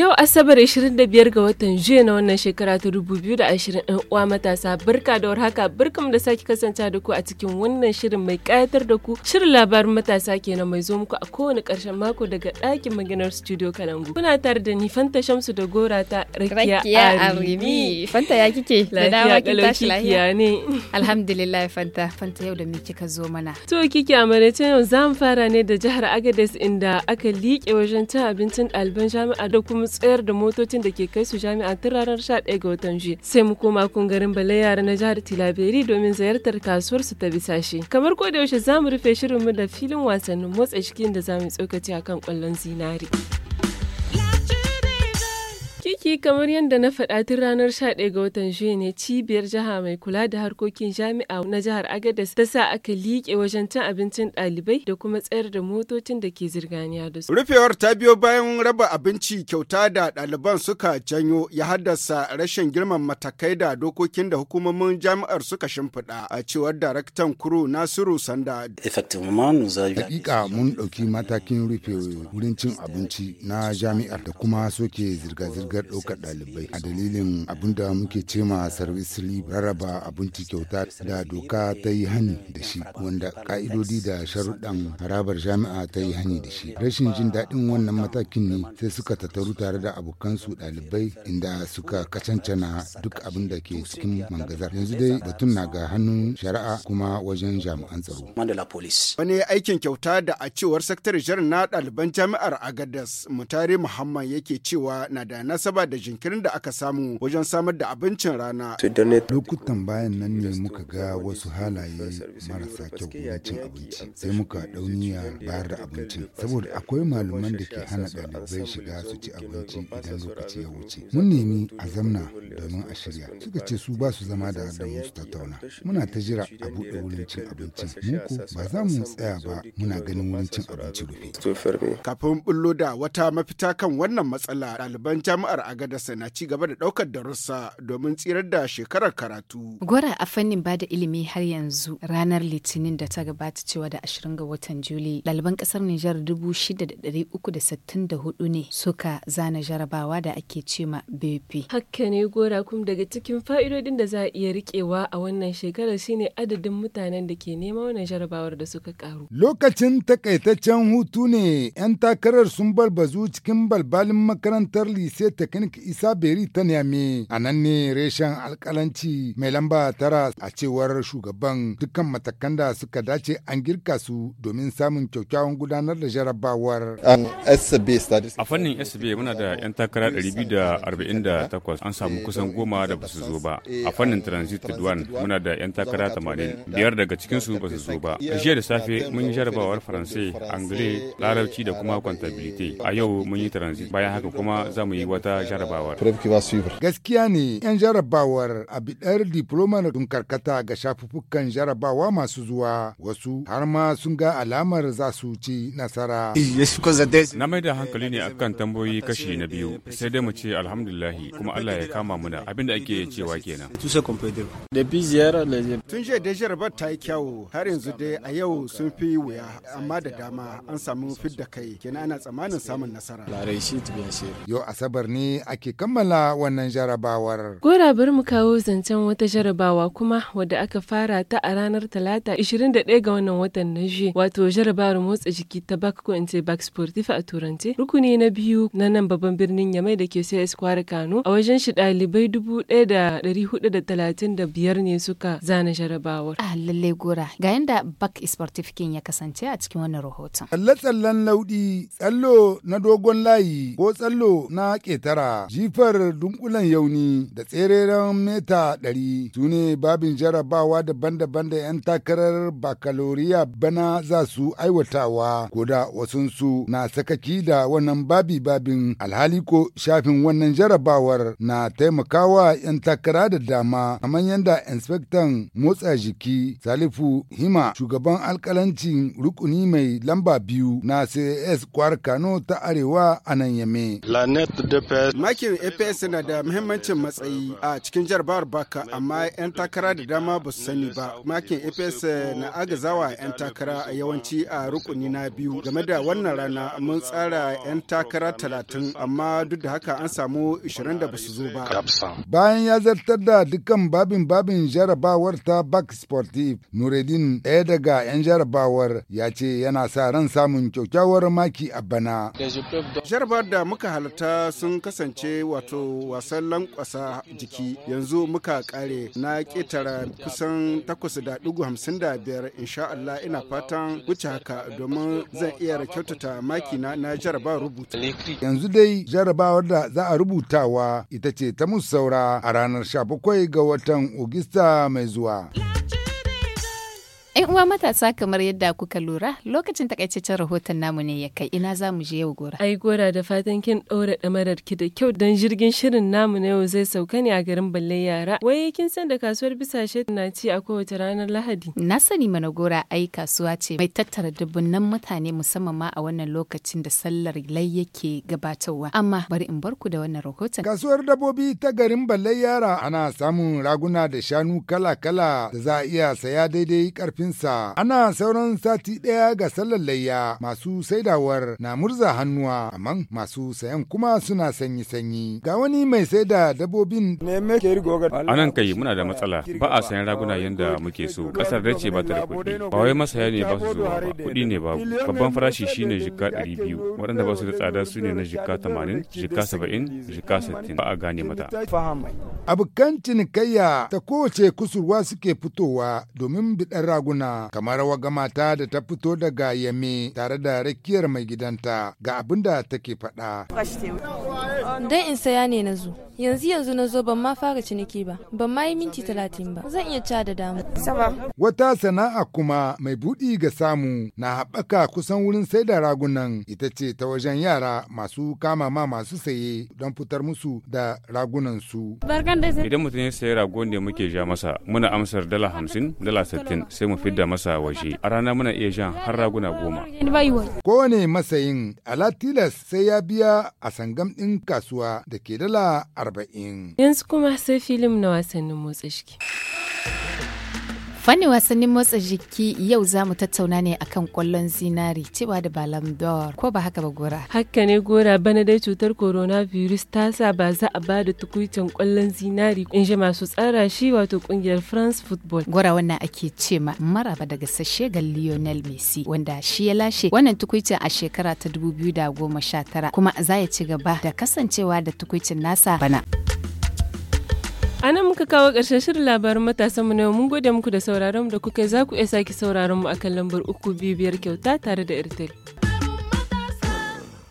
Yau Asabar 25 ga watan Juye na wannan shekara ta 2020 ɗan uwa matasa barka da warhaka barkam da sake kasance da ku a cikin wannan shirin mai kayatar da ku shirin labarin matasa kenan mai zo muku a kowane ƙarshen mako daga ɗakin maginar studio Kalangu. Kuna tare da ni Fanta Shamsu da Gora ta Rakiya Arimi. Fanta ya kike? Lafiya tashi lafiya ne. Alhamdulillah Fanta. Fanta yau da me kika zo mana? To kike a yau zan fara ne da jihar Agadez inda aka liƙe wajen cin abincin ɗaliban jami'a da kuma tsayar da motocin da ke kai su jami'a tun ranar 11 ga watan jiya. Sai mu koma kun garin Bale yara na jihar Tilaberi domin ziyartar kasuwar su ta shi Kamar ko da yaushe za mu rufe mu da filin wasannin motsa jikin da za mu yi tsokaci akan kwallon zinari. Kiki kamar yadda na faɗa tun ranar 11 ga watan juyi ne cibiyar jiha mai kula da harkokin jami'a na jihar Agadez ta sa aka liƙe wajen cin abincin ɗalibai da kuma tsayar da motocin da ke zirganiya da su. Rufewar ta biyo bayan raba abinci kyauta da ɗaliban suka janyo ya haddasa rashin girman matakai da dokokin da hukumomin jami'ar suka shimfiɗa a cewar daraktan kuro Nasiru Sanda. Hakika mun ɗauki matakin rufe wurin cin abinci na jami'ar da kuma soke zirga-zirgar cibiyar ɗaukar ɗalibai a dalilin abin da muke cema service leave rarraba abinci kyauta da doka ta yi hani da shi wanda ka'idodi da sharuɗan harabar jami'a ta yi hani da shi rashin jin daɗin wannan matakin ne sai suka tattaru tare da abokansu ɗalibai inda suka kacancana duk abin da ke cikin mangazar yanzu dai batun na ga hannun shari'a kuma wajen jami'an tsaro wani aikin kyauta da a cewar sakatare jiran na ɗaliban jami'ar agadas mutare muhammad yake cewa na da nasaba da jinkirin da aka samu wajen samar da abincin rana. Lokutan bayan nan ne muka ga wasu halaye marasa kyau na cin abinci sai muka dauniya bayar da abincin saboda akwai malaman da ke hana ɗalibai shiga su ci abinci idan lokaci ya wuce. Mun nemi a zamna domin a shirya suka ce su ba su zama da da musu tattauna. Muna ta jira a buɗe wurin cin abincin muku ba za mu tsaya ba muna ganin wurin cin abinci rufe. Kafin bullo da wata mafita kan wannan matsala ɗaliban jami'a jami'ar Agadasa na ci gaba da ɗaukar darussa domin tsirar da shekarar karatu. Gwara a fannin bada ilimi har yanzu ranar Litinin da ta gabata cewa da 20 ga watan Juli ɗaliban ƙasar Nijar 6,364 ne suka zana jarabawa da ake cema BP. Hakka ne gora kuma daga cikin fa'idodin da za a iya riƙewa a wannan shekarar shine adadin mutanen da ke neman wannan jarabawar da suka karu. Lokacin takaitaccen hutu ne 'yan takarar sun balbazu cikin balbalin makarantar lise polytechnic isa beri ta neme a nan ne reshen alkalanci mai lamba tara a cewar shugaban dukkan matakan da suka dace an girka su domin samun kyakkyawan gudanar da jarabawar a fannin sb muna da 'yan takara 248 an samu kusan goma da basu zo ba a fannin transit duan muna da 'yan takara 80 biyar daga cikinsu basu zo ba a jiya da safe mun yi jarabawar faransai angile larabci da kuma kwantabilite a yau mun yi transit bayan haka kuma za mu yi wata ta jarabawar. Gaskiya ne 'yan jarabawar a bidar na sun karkata ga shafuffukan jarabawa masu zuwa wasu har ma sun ga alamar za su ci nasara. Na mai da hankali ne akan tamboyi kashi na biyu sai dai mu ce alhamdulillahi kuma Allah ya kama muna da ake cewa kenan. Tun je da jarabar ta yi kyawu har yanzu dai a yau sun fi wuya amma da dama an samu fidda kai kenan ana tsammanin samun nasara. Yau Asabar ne ne ake kammala wannan jarabawar. Gora bari mu kawo zancen wata jarabawa kuma wadda aka fara ta a ranar Talata 21 ga wannan watan na shi wato jarabawar motsa jiki ta bak ko in ce bak sportif a turanci. rukuni na biyu na nan babban birnin Yamai da ke sai eskwar Kano a wajen shi ɗalibai biyar ne suka zana jarabawar. a ah, lalle gora ga yanda bak sportif kin ya kasance a cikin wannan rahoton. Tsalle-tsallen lauɗi, tsallo na dogon layi ko tsallo na ƙeta tara jifar dunkulen yauni da tsereren meta ɗari su ne babin jarabawa daban-daban da 'yan takarar bakaloriya bana za su aiwatawa ko da wasunsu na sakaki da wannan babi babin alhali ko shafin wannan jarabawar na taimakawa 'yan takara da dama kamar yadda inspektan motsa jiki salifu hima shugaban alkalancin rukuni mai lamba biyu na cs kwar kano ta arewa a nan yame. Makin APS na da muhimmancin matsayi a cikin jarbawar baka amma 'yan takara da dama ba su sani ba. Makin APS na agazawa 'yan takara a yawanci a rukuni na biyu. Game da wannan rana mun tsara 'yan takara talatin amma duk da haka an samu 20 da ba su zo ba. Bayan ya zartar da dukkan babin babin jarabawar ta Bak Sportive, Nureddin ɗaya daga 'yan jarabawar ya ce yana sa ran samun kyakkyawar maki a bana. Jarabar da muka halarta sun kasance wato wasan lankwasa jiki yanzu muka kare na ketara kusan da 8.55 insha Allah ina fatan wuce haka domin zan iya kyautata makina na jaraba rubuta. Yanzu dai jarabawar da za a rubutawa ita ce ta musaura a ranar 17 ga watan Ogista mai zuwa. 'Yan uwa matasa kamar yadda kuka lura lokacin takaitaccen rahoton namu ne ya kai ina za mu je yau gora. Ai gora da fatan kin ɗora ɗamarar ki da kyau don jirgin shirin namu na yau zai sauka ne a garin balle yara. Wai kin san da kasuwar bisashe na ci a kowace ranar Lahadi. Na sani mana gora ai kasuwa ce mai tattara dubunnan mutane musamman ma a wannan lokacin da sallar lai yake gabatarwa. Amma bari in bar ku da wannan rahoton. Kasuwar Dabobi ta garin balle yara ana samun raguna da shanu kala-kala da za a iya saya daidai karfi tallafinsa. Ana sauran sati ɗaya ga sallar layya masu saidawar na murza hannuwa amma masu sayan kuma suna sanyi-sanyi. Ga wani mai saida dabobin. anan kai muna da matsala ba a sayan raguna yadda muke so ƙasar dace ba ta da kuɗi ba wai masaya ne ba su zuwa ba kuɗi ne ba babban farashi shine jikka ɗari biyu waɗanda ba su da tsada su ne na jikka tamanin jikka saba'in jikka sittin ba a gane mata. Abokan cinikayya ta kowace kusurwa suke fitowa domin biɗar raguna. magunguna kamar waga mata da ta fito daga yame tare da rakiyar mai gidanta ga abin da take faɗa. Don in saya ne na zo. yanzu yanzu na zo ban ma fara ciniki ba ban ma yi minti talatin ba zan iya ca da damu wata sana'a kuma mai buɗi ga samu na haɓaka kusan wurin sai da ragunan ita ce ta wajen yara masu kama ma masu saye don fitar musu da ragunan su idan mutum ya sayi ragon ne muke ja masa muna amsar dala hamsin dala sittin sai mu fidda masa waje a rana muna iya jan har raguna goma kowane masayin alatilas sai ya biya a sangam ɗin kasuwa da ke dala arba'in. Yanzu kuma sai filim na wasannin motsa shi. Fanni wasannin motsa jiki yau za mu tattauna ne akan kwallon zinari cewa da Balam d'Or ko ba haka ba gora. Haka ne gora bana dai cutar coronavirus ta sa ba za a ba da tukuicin kwallon zinari in ji masu tsara shi wato kungiyar France Football. Gora wannan ake ce ma maraba daga sashe ga Lionel Messi wanda shi ya lashe wannan tukuicin a shekara ta 2019 kuma za ya ci gaba da kasancewa da tukuicin nasa bana. A nan muka kawo ƙarshen shirin labarin matasan mu na yau mun gode muku da sauraron da kuka za ku iya sake sauraron mu akan lambar uku biyu biyar kyauta tare da Airtel.